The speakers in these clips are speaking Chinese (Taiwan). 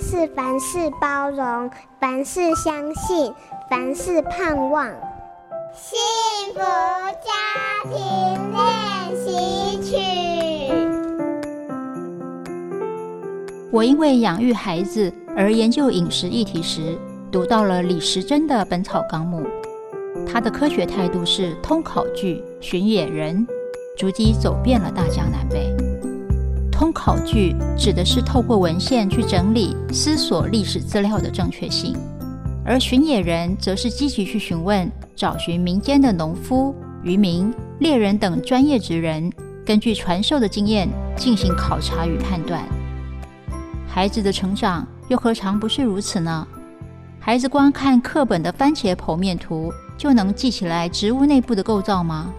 是凡事包容，凡事相信，凡事盼望。幸福家庭練習曲。我因為養育孩子而研究飲食議題時，讀到了李時珍的《本草綱目》，他的科學態度是通考據、詢野人，足跡走遍了大江南北。通考據指的是透過文獻去整理、思索歷史資料的正確性，而詢野人則是積極去詢問、找尋民間的農夫、漁民、獵人等專業職人，根據傳授的經驗進行考察與判斷。孩子的成長又何嘗不是如此呢？孩子光看課本的番茄剖面圖就能記起來植物內部的構造嗎？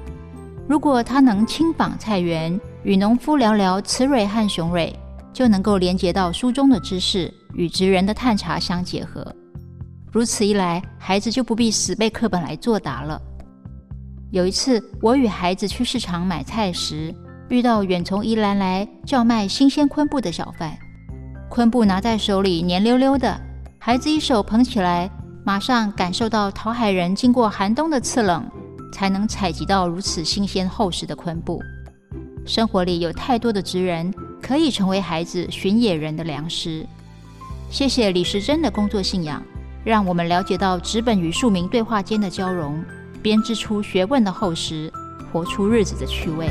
如果他能親訪菜園，與農夫聊聊雌蕊和雄蕊，就能夠連接到書中的知識與職人的探查相結合。如此一來，孩子就不必死背課本來作答了。有一次，我與孩子去市場買菜時，遇到遠從宜蘭來叫賣新鮮昆布的小販。昆布拿在手裡黏溜溜的，孩子一手捧起來，馬上感受到討海人經過寒冬的刺冷，才能採集到如此新鮮厚實的昆布。生活裡有太多的職人，可以成為孩子尋野人的良師。謝謝李時珍的工作信仰，讓我們了解到紙本與庶民對話間的交融，編織出學問的厚實，活出日子的趣味。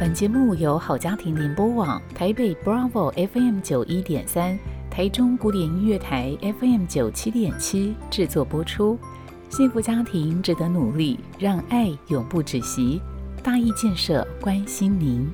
本節目由好家庭聯播網、台北 Bravo FM 九一點三、台中古典音樂台 FM 九七點七製作播出。幸福家庭值得努力，讓愛永不止息。大邑建設關心您。